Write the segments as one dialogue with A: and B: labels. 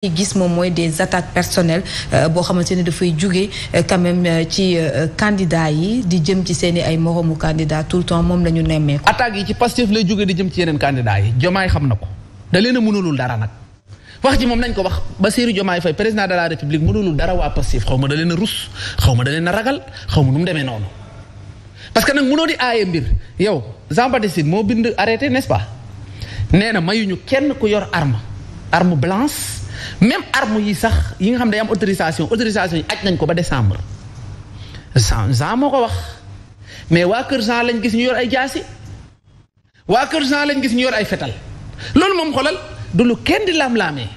A: ci gis moom mooy des attaques personnelles euh, boo xamante ne dafay jóge euh, quand même euh, ci
B: candidat yi di jëm ci seen i ay moroomu candidat tout le temps moom la ñu nemmeeku. attaques yi ci Pastef lay jóge di jëm ci yeneen candidat yi Jomaay xam na ko da leen a mënulul dara nag wax ji moom nañ ko wax ba Bassirou Diomaye Faye président de la République mënulul dara waa Pastef xaw ma da leen a rus xaw ma da ragal xaw ma nu mu demee noonu parce que nag mënoo di aaye mbir yow Jean Baptiste moo bind arrêté n'est-ce nee na mayuñu kenn ku yor arme arme blanche. même arme yi sax yi nga xam ne day am autorisation autorisation yi aj nañ ko ba décembre Jean Jean moo ko wax mais waa Kër Jean lañ gis ñu yor ay jaasi waa Kër Jean lañ gis ñu yor ay fetal loolu moom xoolal du lu kenn di laam-laamee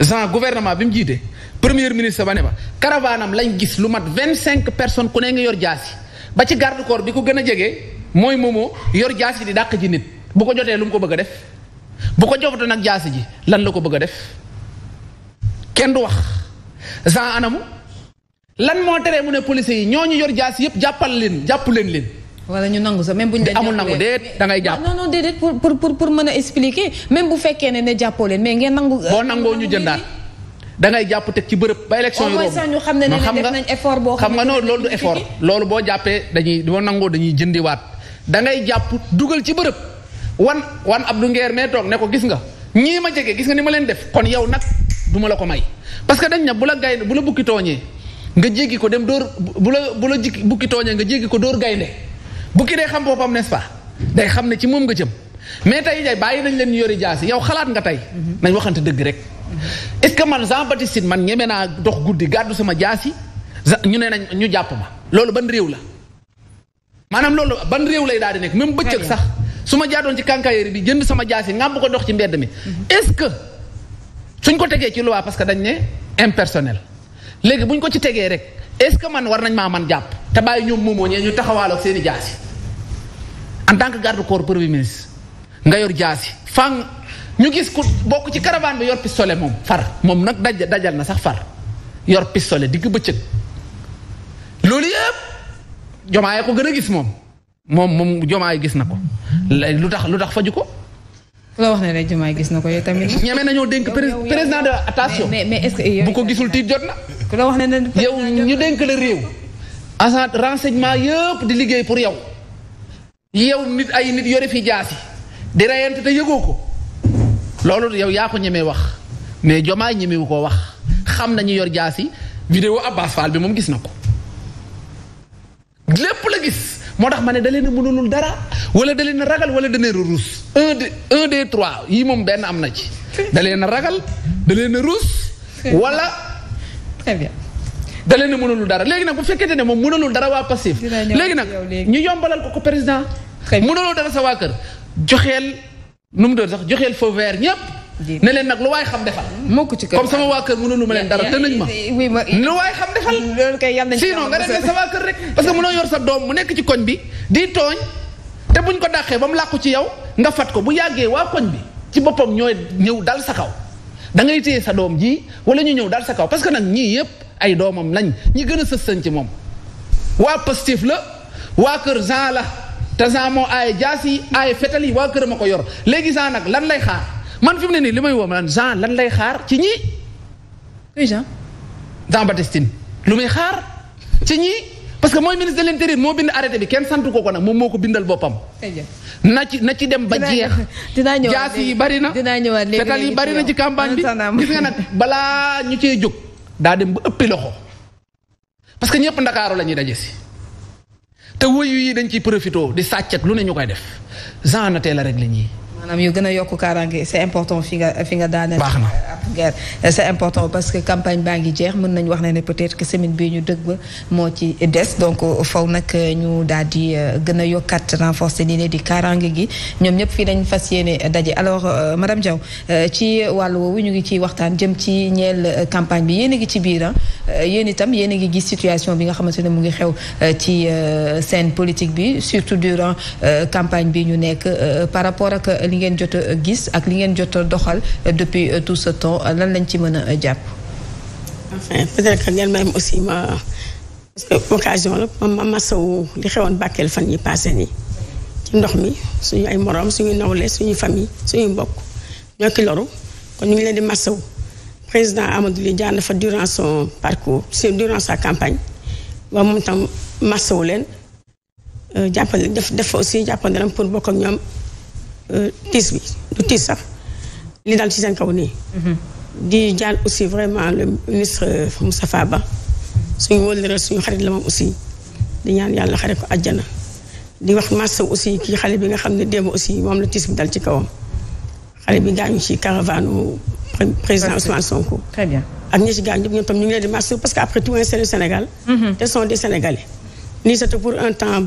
B: Jean gouvernement bi mu jiite première ministre ba ne ba caravanam lañ gis lu mat vingt cinq personnes ku ne nga yor jaasi ba ci garde corps bi ko gën a jege mooy moomoo yor jaasi di dàq ci nit bu ko jotee lu mu ko bëgg a def. bu ko joxutoon nag jaasi ji lan la ko bëgg def kenn du wax Jean anamu lan moo teree mu ne police yi ñoo ñu yor jaasi yëpp jàppal leen jàpp leen leen. wala ñu nangu sax même bu ñu amul nangu déet da ngay jàpp
A: non non déedéet pour pour pour mën a expliquer même bu fekkee ne ne jàppoo leen mais ngeen nangu. boo nangoo
B: ñu jëndaat. da jàpp teg ci bërëb ba élection yi ñu xam ne ne def nañ
A: effort boo xam nga non loolu du effort
B: loolu boo jàppee dañuy boo nangoo dañuy jëndiwaat da ngay jàpp dugal ci bërëb wan wan Abdou Nguer mee toog ne ko gis nga ñii ma jege gis nga ni ma leen def kon yow nag du la ko may parce que dañ ne bu la gaynde bu la bukki tooñee nga jéggi ko dem dóor bu la bu la jikki bukki tooñee nga jéggi ko dóor gaynde bukki day xam boppam n'est-ce pas day xam ne ci moom nga jëm mais tey jay bàyyi nañ leen ñu yori jaasi yow xalaat nga tey mhm. nañ waxante dëgg rek mhm. est-ce que man Jean Baptiste man ñeme naa dox guddi gàddu sama jaasi ñu ne nañ ñu jàpp ma loolu ban réew la maanaam loolu ban réew lay daal di nekk même bëccëg sax su ma jaadoon ci kànkaayeri bi jënd sama jaasi ngàmb ko dox ci mbedd mi est-ce que suñ ko tegee ci loi parce que dañ ne impersonnel léegi buñ ko ci tegee rek est-ce que man war nañ maa man jàpp te bàyyi ñoom moomoo ñee ñu taxawaal seeni jaasi en tant que garde corps nga yor jaasi fang ñu gis ku bokk ci caravane bi yor pistolet moom far moom nag daj dajal na sax far yor pistolet digg bëccëg loolu yëpp jomaay ko gën a gis moom moom moom jomaay gis na ko lu tax lu tax faju ko. la wax ne rek Diomaye gis na ko yow tamit. ñeme nañoo dénk président de attention. mais mais est-ce que bu ko gisul tiit jot na. ku la wax ne yow ñu dénk la réew. agent renseignement yëpp di liggéey pour yow. yow nit yore fi jaasi. di reyante te yëgoo ko. loolu yow yaa ko ñemee wax. mais Diomaye ñemewu koo wax. xam nañu yor jaasi. vidéo Abbas Fall bi moom gis na ko. lépp la gis. moo tax ma ne da leen a mënulul dara. wala da leen a ragal wala da leen a ruus un de un yii moom benn am na ci da leen a ragal da leen a ruus wala très bien da leen a mënalul dara léegi nag bu fekkente ne moom mënalul dara waa passif léegi nag ñu yombalal ko ko président mënalul dara sa waa kër joxeel nu mu doon sax joxeel feu vert ñëpp ne leen nag lu waay xam moo ko ci kër comme sama waa kër mënul ma leen dara te nañ ma. lu waay xam defal. loolu kay yàlla nañ sinon sa waa kër rek. parce que mënoo yor sa doom mu nekk ci koñ bi di tooñ. te buñ ko dàqee ba mu làqu ci yow nga fat ko bu yàggee waa koñ bi ci boppam ñooy ñëw dal sa kaw da ngay téye sa doom ji wala ñu ñëw dal sa kaw parce que nag ñii yëpp ay doomam lañ ñi gën a sës sañ ci moom waa Pastef la waa kër Jean la te Jean moo aaye jaas yi aaye fetal waa kër ma ko yor léegi Jean nag lan lay xaar man fi mu ne nii li may woo ma Jean lan lay xaar ci ñii. oui Jean. Jean Baptiste lu muy xaar ci ñii. parce que mooy ministre de l'intérieur moo bind arrêté bi kenn sant ko ko nag moom moo ko bindal boppam. na ci na ci dem ba jeex. dinaa ñëwaat jaas yi bari na. dinaa ñëwaat léegi fetal yi bari na ci campagne bi gis nga nag balaa ñu cee jóg. daa dem ba ëppi loxo parce que ñëpp ndakaaru la ñuy daje si te woyu yi dañ ciy profité di sàcc lu ne ñu koy def
A: Jean na teel rek réglé ñii. maanaam gën a yokk kaaraange c'est important fi nga fi nga daaneel. baax na guerre c'est important parce que campagne baa ngi jeex mën nañu wax ne ne peut que semaine bii ñu dëgg moo ci des donc euh, faw nag euh, ñu daal euh, gën a yokkat renforcer li ne di kaaraange gi ñoom ñëpp fii dañ fas yéene daje alors madame Diaw ci wàll woowu ñu ngi ciy waxtaan jëm ci ñeel campagne bi yéen a ngi ci biir ah. yéen itam yéen a ngi gis situation bi nga xamante ne mu ngi xew ci scène politique bi surtout bi ñu ngeen jot a gis ak li ngeen jot a doxal depuis euh, tout ce temps lan
C: lañ ci mën a euh, jàpp. enfin peut-être que ngeen may aussi ma parce que occasion la ma masawu li xewoon Bakel fan yi passé ni ci ndox mi suñu ay moroom suñu nawle suñu famille suñu mbokk ñoo ki loru kon ñu ngi leen di masawu président Amadou Ly jaar fa durant son parcours durant sa campagne waaw moom tam masawu leen euh, jàppale def def aussi jàppandalaam pour bokk ñoom Euh, tiis bi du tiis sax li dal ci seen kaw nii mhm. di jàll aussi vraiment le ministre euh, Moustapha Ba suñu wóllëre suñu xarit la moom aussi di ñaan yàlla xare ko àjjana di wax massa aussi kii xale bi nga xam ne démb aussi moom la tiis bi dal ci kawam xale bi gaañu ci caravane président Ousmane Sonko. très bien ak ñi ci gaañ ñëpp ñoom tam ñu ngi leen di massa parce que après tout c'est le Sénégal. Mhm. te sont des Sénégalais. nii c'était pour un temps.